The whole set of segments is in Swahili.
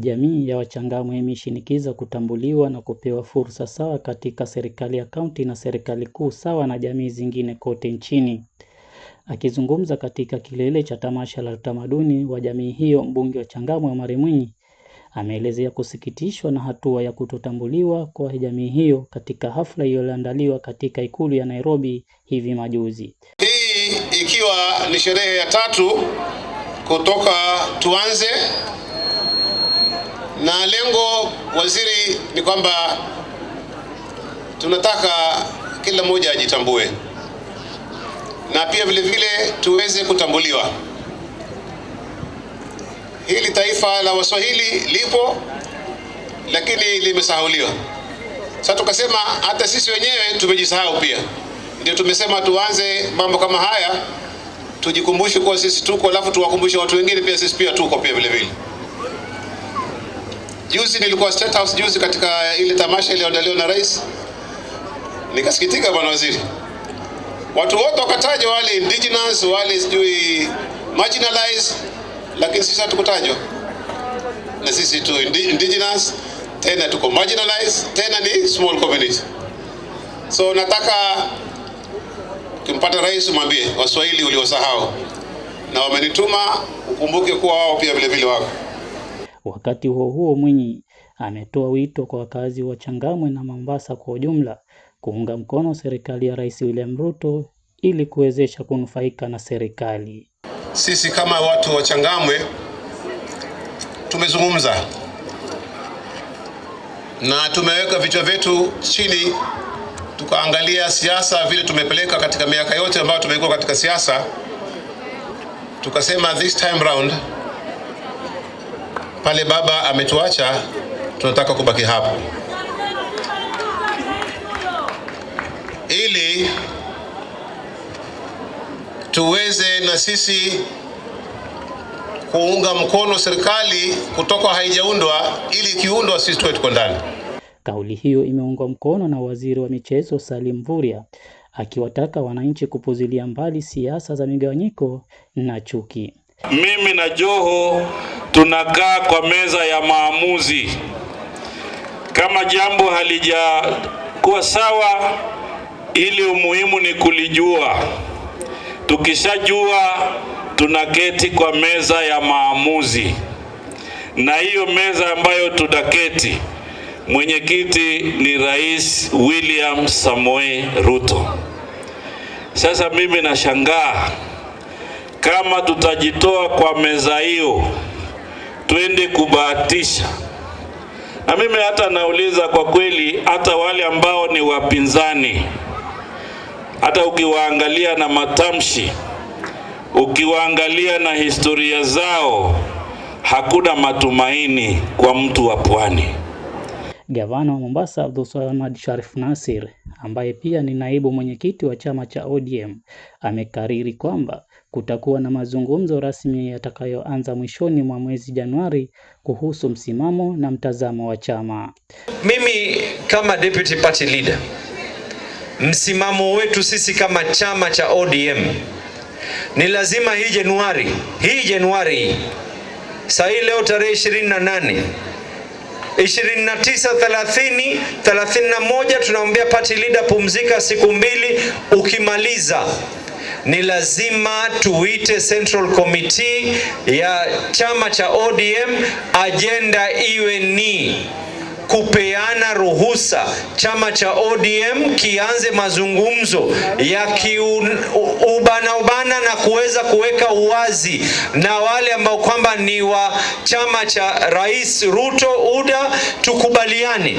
Jamii ya Wachangamwe imeshinikiza kutambuliwa na kupewa fursa sawa katika serikali ya kaunti na serikali kuu sawa na jamii zingine kote nchini. Akizungumza katika kilele cha tamasha la utamaduni wa jamii hiyo, mbunge wa Changamwe omari Mwinyi ameelezea kusikitishwa na hatua ya kutotambuliwa kwa jamii hiyo katika hafla iliyoandaliwa katika ikulu ya Nairobi hivi majuzi. Hii ikiwa ni sherehe ya tatu kutoka tuanze na lengo waziri ni kwamba tunataka kila mmoja ajitambue na pia vile vile tuweze kutambuliwa. Hili taifa la Waswahili lipo lakini limesahauliwa. Sasa tukasema hata sisi wenyewe tumejisahau pia, ndio tumesema tuanze mambo kama haya, tujikumbushe kuwa sisi tuko, alafu tuwakumbushe watu wengine pia sisi pia tuko pia vile vile. Juzi nilikuwa State House juzi katika ile tamasha iliyoandaliwa na rais, nikasikitika bwana waziri, watu wote wakatajwa, wale indigenous, wale sijui marginalized, lakini sisi hatukutajwa. Na sisi tu indigenous tena tuko marginalized tena ni small community. So nataka ukimpata rais umwambie Waswahili uliosahau, na wamenituma ukumbuke kuwa wao pia vilevile wako Wakati huo huo, Mwinyi ametoa wito kwa wakazi wa Changamwe na Mombasa kwa ujumla kuunga mkono serikali ya Rais William Ruto ili kuwezesha kunufaika na serikali. Sisi kama watu wa Changamwe tumezungumza na tumeweka vichwa vyetu chini tukaangalia siasa vile tumepeleka katika miaka yote ambayo tumekuwa katika siasa, tukasema this time round pale baba ametuacha, tunataka kubaki hapo ili tuweze na sisi kuunga mkono serikali kutoka haijaundwa ili ikiundwa sisi tuwe tuko ndani. Kauli hiyo imeungwa mkono na waziri wa michezo Salim Vuria akiwataka wananchi kupuzilia mbali siasa za migawanyiko na chuki. Mimi na Joho tunakaa kwa meza ya maamuzi. Kama jambo halijakuwa sawa, ili umuhimu ni kulijua. Tukishajua, tunaketi kwa meza ya maamuzi, na hiyo meza ambayo tunaketi, mwenyekiti ni Rais William Samoei Ruto. Sasa mimi nashangaa kama tutajitoa kwa meza hiyo, twende kubahatisha. Na mimi hata nauliza kwa kweli, hata wale ambao ni wapinzani, hata ukiwaangalia na matamshi, ukiwaangalia na historia zao, hakuna matumaini kwa mtu wa pwani. Gavana wa Mombasa Abdulswamad Sharif Nasir ambaye pia ni naibu mwenyekiti wa chama cha ODM, amekariri kwamba kutakuwa na mazungumzo rasmi yatakayoanza mwishoni mwa mwezi Januari kuhusu msimamo na mtazamo wa chama. Mimi kama deputy party leader, msimamo wetu sisi kama chama cha ODM ni lazima hii Januari hii Januari hii, saa hii leo tarehe 28 2931 30, 31 tunaombea party leader, pumzika siku mbili. Ukimaliza ni lazima tuite Central Committee ya chama cha ODM, ajenda iwe ni kupeana ruhusa chama cha ODM kianze mazungumzo ya kiubana ubana na kuweza kuweka uwazi na wale ambao kwamba ni wa chama cha Rais Ruto UDA, tukubaliane.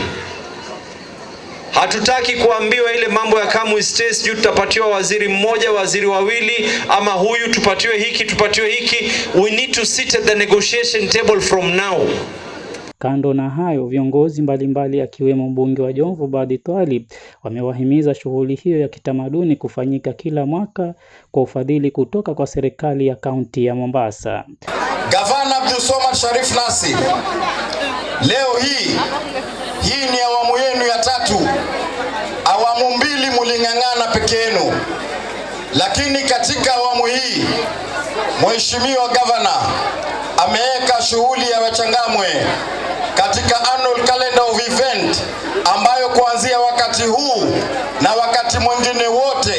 Hatutaki kuambiwa ile mambo ya kamu states, juu tutapatiwa waziri mmoja, waziri wawili, ama huyu tupatiwe hiki, tupatiwe hiki. We need to sit at the negotiation table from now. Kando na hayo, viongozi mbalimbali akiwemo mbunge wa Jomvu Badi Twalib wamewahimiza shughuli hiyo ya kitamaduni kufanyika kila mwaka kwa ufadhili kutoka kwa serikali ya kaunti ya Mombasa. Gavana Abdul Somad Sharif Nasi, leo hii hii ni awamu yenu ya tatu. Awamu mbili muling'ang'ana peke yenu, lakini katika awamu hii Mheshimiwa Gavana ameweka shughuli ya Wachangamwe katika annual calendar of event ambayo kuanzia wakati huu na wakati mwingine wote,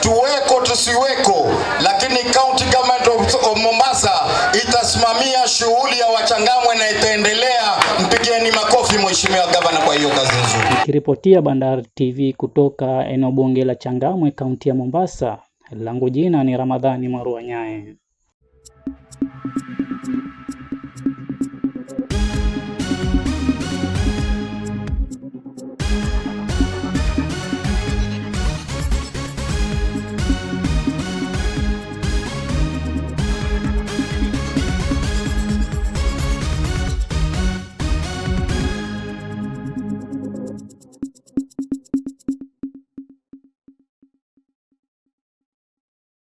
tuweko tusiweko, lakini county government of Mombasa itasimamia shughuli ya Wachangamwe na itaendelea. Mpigeni makofi mheshimiwa gavana kwa hiyo kazi nzuri. Kiripotia Bandari TV kutoka eneo bunge la Changamwe, kaunti ya Mombasa, langu jina ni Ramadhani Marua Nyae.